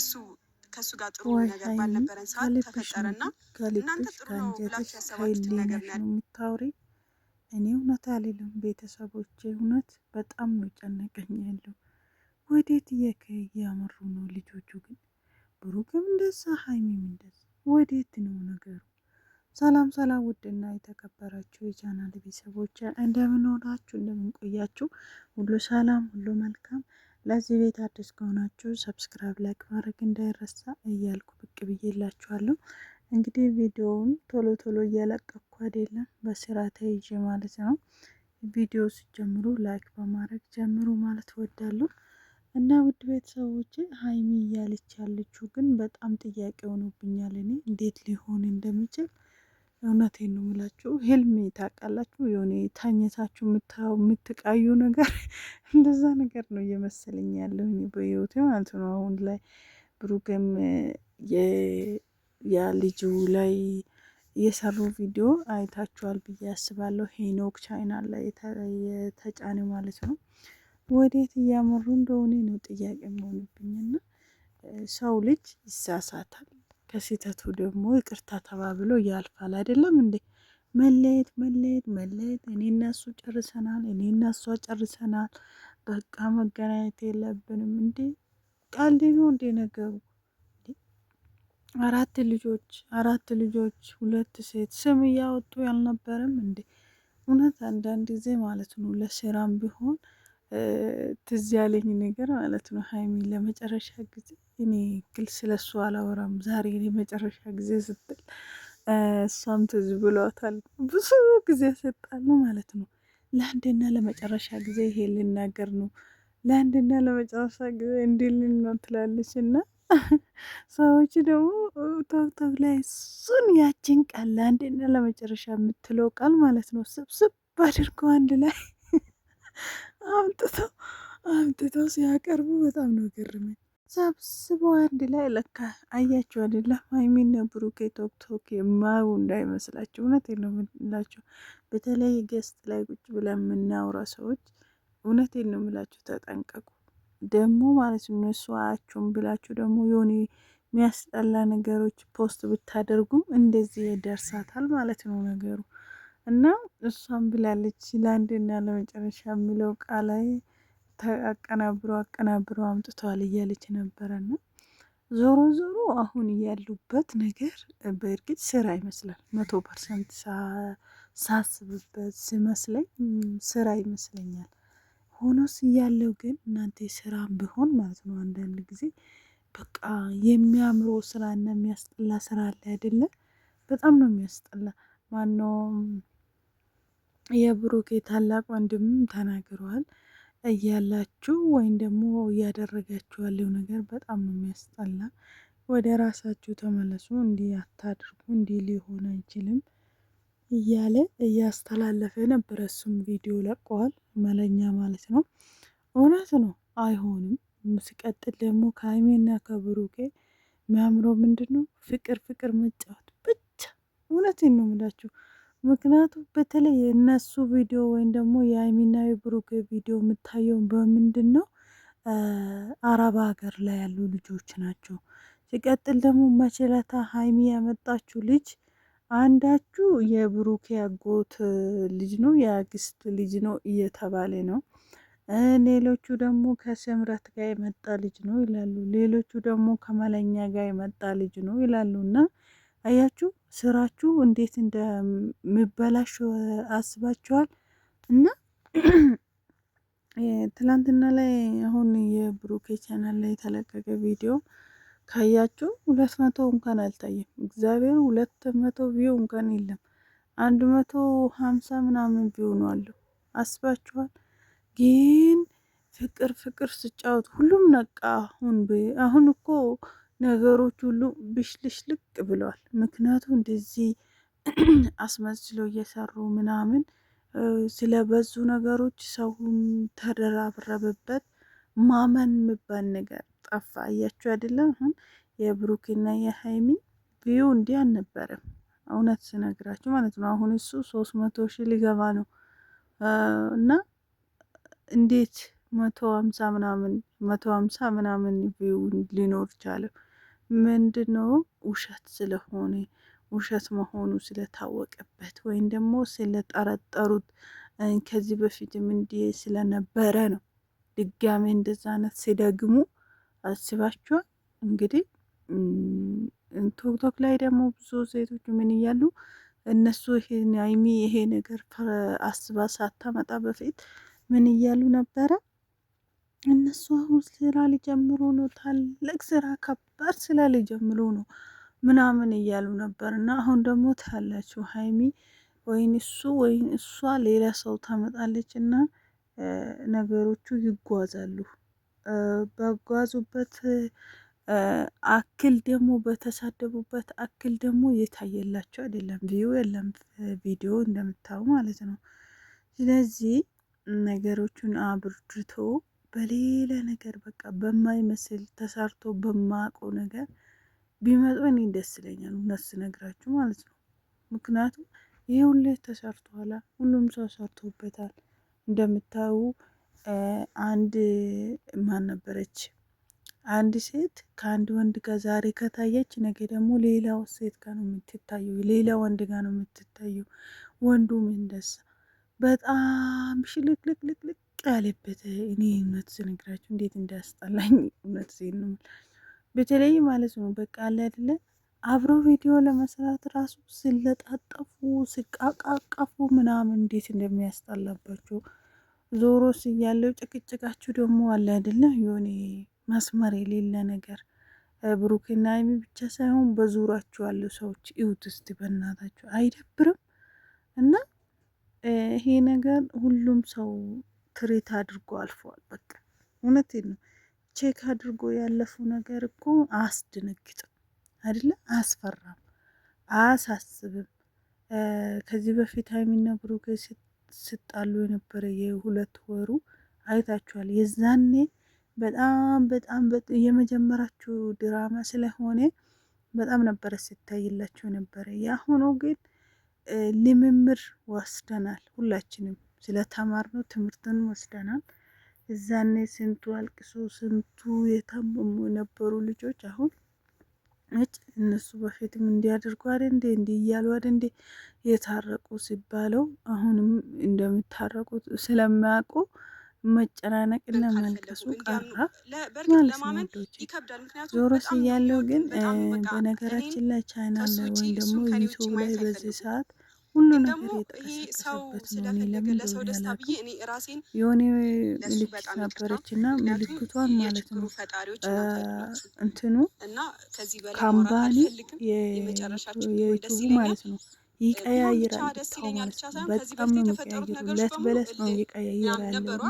እሱ ከእሱ ጋር ጥሩ ነገር ባልነበረን ሰዓት ተፈጠረ ተፈጠረና እናንተ ጥሩ ነው ብላችሁ ያሰባችሁትን ነገር ነው የምታውሪ። እኔ እውነት አልልም። ቤተሰቦቼ እውነት በጣም ነው ጨነቀኝ ያለው ወዴት እያመሩ ነው ልጆቹ ግን ብሩክም እንደዛ ሀይሚም እንደዛ ወዴት ነው ነገሩ? ሰላም ሰላም፣ ውድና የተከበራችሁ የቻናል ቤተሰቦች እንደምን ሆናችሁ እንደምን ቆያችሁ? ሁሉ ሰላም፣ ሁሉ መልካም ለዚህ ቤት አዲስ ከሆናችሁ ሰብስክራይብ፣ ላይክ ማድረግ እንዳይረሳ እያልኩ ብቅ ብዬላችኋለሁ። እንግዲህ ቪዲዮውን ቶሎ ቶሎ እያለቀኩ አይደለም በስራ ተይዤ ማለት ነው። ቪዲዮ ስጀምሩ ላይክ በማድረግ ጀምሩ ማለት ወዳለሁ እና ውድ ቤተሰቦች ሀይሚ እያለች ያለችው ግን በጣም ጥያቄ ሆኖብኛል። እኔ እንዴት ሊሆን እንደሚችል እውነቴን ነው የምላችሁ። ህልም ታውቃላችሁ፣ የሆነ ታኝታችሁ የምትቃዩ ነገር እንደዛ ነገር ነው እየመሰለኝ ያለው በህይወቴ ማለት ነው። አሁን ላይ ብሩክም የልጁ ላይ የሰሩ ቪዲዮ አይታችኋል ብዬ አስባለሁ። ሄኖክ ቻይና ላይ የተጫነ ማለት ነው። ወዴት እያመሩ እንደሆነ ነው ጥያቄ መሆንብኝና ሰው ልጅ ይሳሳታል ከስህተቱ ደግሞ ይቅርታ ተባብሎ ያልፋል። አይደለም እንዴ? መለየት መለየት መለየት፣ እኔ እናሱ ጨርሰናል፣ እኔ እናሷ ጨርሰናል፣ በቃ መገናኘት የለብንም እንዴ? ቃልዴ ነው እንዴ ነገሩ? አራት ልጆች አራት ልጆች ሁለት ሴት ስም እያወጡ ያልነበረም እንዴ? እውነት አንዳንድ ጊዜ ማለት ነው ለስራም ቢሆን ትዝ ያለኝ ነገር ማለት ነው ሀይሚ ለመጨረሻ ጊዜ እኔ ግል ስለሱ አላወራም፣ ዛሬ እኔ መጨረሻ ጊዜ ስትል እሷም ትዝ ብሏታል። ብዙ ጊዜ ሰጣሉ ማለት ነው። ለአንድና ለመጨረሻ ጊዜ ይሄ ልናገር ነው፣ ለአንድና ለመጨረሻ ጊዜ እንዲልን ነው ትላለች እና ሰዎች ደግሞ ተብተብ ላይ እሱን ያችን ቃል ለአንድና ለመጨረሻ የምትለው ቃል ማለት ነው ስብስብ አድርገው አንድ ላይ አምጥተው አምጥተው ሲያቀርቡ በጣም ነው ገርመኝ። ሰብስቦ አንድ ላይ ለካ አያችሁ አይደለ? ሀይሚና ብሩኬ ቶክቶክ የማሩ እንዳይመስላችሁ። እውነት ነው የምላችሁ፣ በተለይ ገስት ላይ ቁጭ ብለን የምናውራ ሰዎች እውነት ነው የምላችሁ፣ ተጠንቀቁ። ደግሞ ማለት እነሱ አያችሁም ብላችሁ ደግሞ የሆነ የሚያስጠላ ነገሮች ፖስት ብታደርጉም እንደዚህ ይደርሳታል ማለት ነው ነገሩ እና እሷም ብላለች ለአንድና ለመጨረሻ የሚለው ቃላይ አቀናብሮ አቀናብሮ አምጥተዋል እያለች ነበረና ዞሮ ዞሮ አሁን ያሉበት ነገር በእርግጥ ስራ ይመስላል። መቶ ፐርሰንት ሳስብበት ሲመስለኝ ስራ ይመስለኛል። ሆኖስ እያለው ግን እናንተ ስራ ቢሆን ማለት ነው አንዳንድ ጊዜ በቃ የሚያምሮ ስራ እና የሚያስጠላ ስራ አለ አይደለ? በጣም ነው የሚያስጠላ። ማነው የብሩኬ ታላቅ ወንድምም ተናግረዋል። እያላችሁ ወይም ደግሞ እያደረጋችሁ ያለው ነገር በጣም ነው የሚያስጠላ። ወደ ራሳችሁ ተመለሱ፣ እንዲህ አታድርጉ፣ እንዲህ ሊሆን አይችልም እያለ እያስተላለፈ ነበረ። እሱም ቪዲዮ ለቀዋል መለኛ ማለት ነው። እውነት ነው፣ አይሆንም። ሲቀጥል ደግሞ ከሀይሜና ከብሩኬ የሚያምረው ምንድን ነው? ፍቅር ፍቅር መጫወት ብቻ። እውነቴን ነው የምላችሁ። ምክንያቱም በተለይ የእነሱ ቪዲዮ ወይም ደግሞ የሀይሚና የብሩክ ቪዲዮ የምታየው በምንድን ነው? አረብ ሀገር ላይ ያሉ ልጆች ናቸው። ሲቀጥል ደግሞ መችለታ ሀይሚ ያመጣችው ልጅ አንዳችሁ የብሩክ ያጎት ልጅ ነው የአግስት ልጅ ነው እየተባለ ነው። ሌሎቹ ደግሞ ከስምረት ጋር የመጣ ልጅ ነው ይላሉ። ሌሎቹ ደግሞ ከመለኛ ጋር የመጣ ልጅ ነው ይላሉ። እና አያችሁ ስራችሁ እንዴት እንደምበላሽ አስባችኋል? እና ትላንትና ላይ አሁን የብሩኬ ቻናል ላይ የተለቀቀ ቪዲዮ ካያችሁ ሁለት መቶ እንኳን አልታየም። እግዚአብሔር ሁለት መቶ ቪው እንኳን የለም። አንድ መቶ ሀምሳ ምናምን ቪው ነው አለው። አስባችኋል? ግን ፍቅር ፍቅር ስጫወት ሁሉም ነቃ። አሁን አሁን እኮ ነገሮች ሁሉ ብሽልሽልቅ ብለዋል። ምክንያቱ እንደዚህ አስመስሎ እየሰሩ ምናምን ስለበዙ ነገሮች ሰውም ተደራረበበት ማመን የሚባል ነገር ጠፋ። አያችሁ አይደለም አሁን የብሩክና የሀይሚ ቪዩ እንዲህ አልነበረም። እውነት ስነግራችሁ ማለት ነው። አሁን እሱ ሶስት መቶ ሺ ሊገባ ነው እና እንዴት መቶ ሀምሳ ምናምን መቶ ሀምሳ ምናምን ቪዩ ሊኖር ቻለው? ምንድነው ውሸት ስለሆነ ውሸት መሆኑ ስለታወቀበት ወይም ደግሞ ስለጠረጠሩት ከዚህ በፊትም እንዲህ ስለነበረ ነው። ድጋሜ እንደዛ አይነት ሲደግሙ አስባችኋል። እንግዲህ ቶክቶክ ላይ ደግሞ ብዙ ሴቶች ምን እያሉ እነሱ ይሄን አይሚ ይሄ ነገር አስባ ሳታመጣ በፊት ምን እያሉ ነበረ? እነሱ አሁን ስራ ሊጀምሩ ነው፣ ታላቅ ስራ ከባድ ስራ ሊጀምሩ ነው ምናምን እያሉ ነበር። እና አሁን ደግሞ ታላችሁ ሀይሚ ወይን እሱ ወይን እሷ ሌላ ሰው ታመጣለች እና ነገሮቹ ይጓዛሉ። በጓዙበት አክል ደግሞ በተሳደቡበት አክል ደግሞ የታየላቸው አይደለም፣ ቪዩ የለም፣ ቪዲዮ እንደምታዩ ማለት ነው። ስለዚህ ነገሮቹን አብርድቶ በሌላ ነገር በቃ በማይመስል ተሰርቶ በማቆ ነገር ቢመጡ እኔ ደስ ይለኛል፣ እነሱ ነግራችሁ ማለት ነው። ምክንያቱም ይህ ሁሉ ተሰርቶ ኋላ ሁሉም ሰው ሰርቶበታል። እንደምታዩ አንድ ማን ነበረች አንድ ሴት ከአንድ ወንድ ጋር ዛሬ ከታየች ነገ ደግሞ ሌላው ሴት ጋር ነው የምትታየው፣ ሌላ ወንድ ጋር ነው የምትታየው። ወንዱም እንደዛ በጣም ሽልቅልቅልቅልቅ አለበት። እኔ እውነት ስነግራችሁ እንዴት እንዳስጠላኝ እውነት ዜ ነው። በተለይ ማለት ነው በቃ አለ አይደለ አብሮ ቪዲዮ ለመስራት ራሱ ስለጣጠፉ ስቃቃቀፉ ምናምን እንዴት እንደሚያስጠላባቸው ዞሮ ስያለው ጭቅጭቃችሁ ደግሞ አለ አይደለ የሆነ መስመር የሌለ ነገር ብሩክና ሀይሚ ብቻ ሳይሆን በዙራችሁ ያሉ ሰዎች እዩት እስቲ በእናታችሁ አይደብርም? እና ይሄ ነገር ሁሉም ሰው ትሬት አድርጎ አልፈዋል። በቃ እውነት ነው። ቼክ አድርጎ ያለፈው ነገር እኮ አያስደነግጥም አይደለ? አያስፈራም፣ አያሳስብም። ከዚህ በፊት ሀይሚና ብሩኬ ስጣሉ የነበረ የሁለት ወሩ አይታችኋል። የዛኔ በጣም በጣም የመጀመራችሁ ድራማ ስለሆነ በጣም ነበረ ሲታይላቸው ነበረ። የአሁኑ ግን ልምምር ወስደናል ሁላችንም ስለተማርነው ትምህርትን ወስደናል። እዛኔ ስንቱ አልቅሶ ስንቱ የታመሙ የነበሩ ልጆች አሁን እጭ እነሱ በፊትም እንዲያደርጉ አይደል እንዴ እንዲ እያሉ አይደል እንዴ የታረቁ ሲባለው አሁንም እንደሚታረቁ ስለማያውቁ መጨናነቅና መልቀሱ ቀራ ማለት ነው። ዞሮ ሲያለው ግን በነገራችን ላይ ቻይና ላይ ወይም ደግሞ ዩቱብ ላይ በዚህ ሰዓት ሁሉ ነገር የተቀሰቀሰበት ነው። እኔ ለምን እንደሆነ አላውቅም። የሆነ ምልክት ነበረች እና ምልክቷን ማለት ነው እንትኑ ካምባኒ የዩቱቡ ማለት ነው ይቀያይራል። ብታው ማለት ነው በጣም ነው የሚቀያይሩ ለት በለት ነው ይቀያይራል እና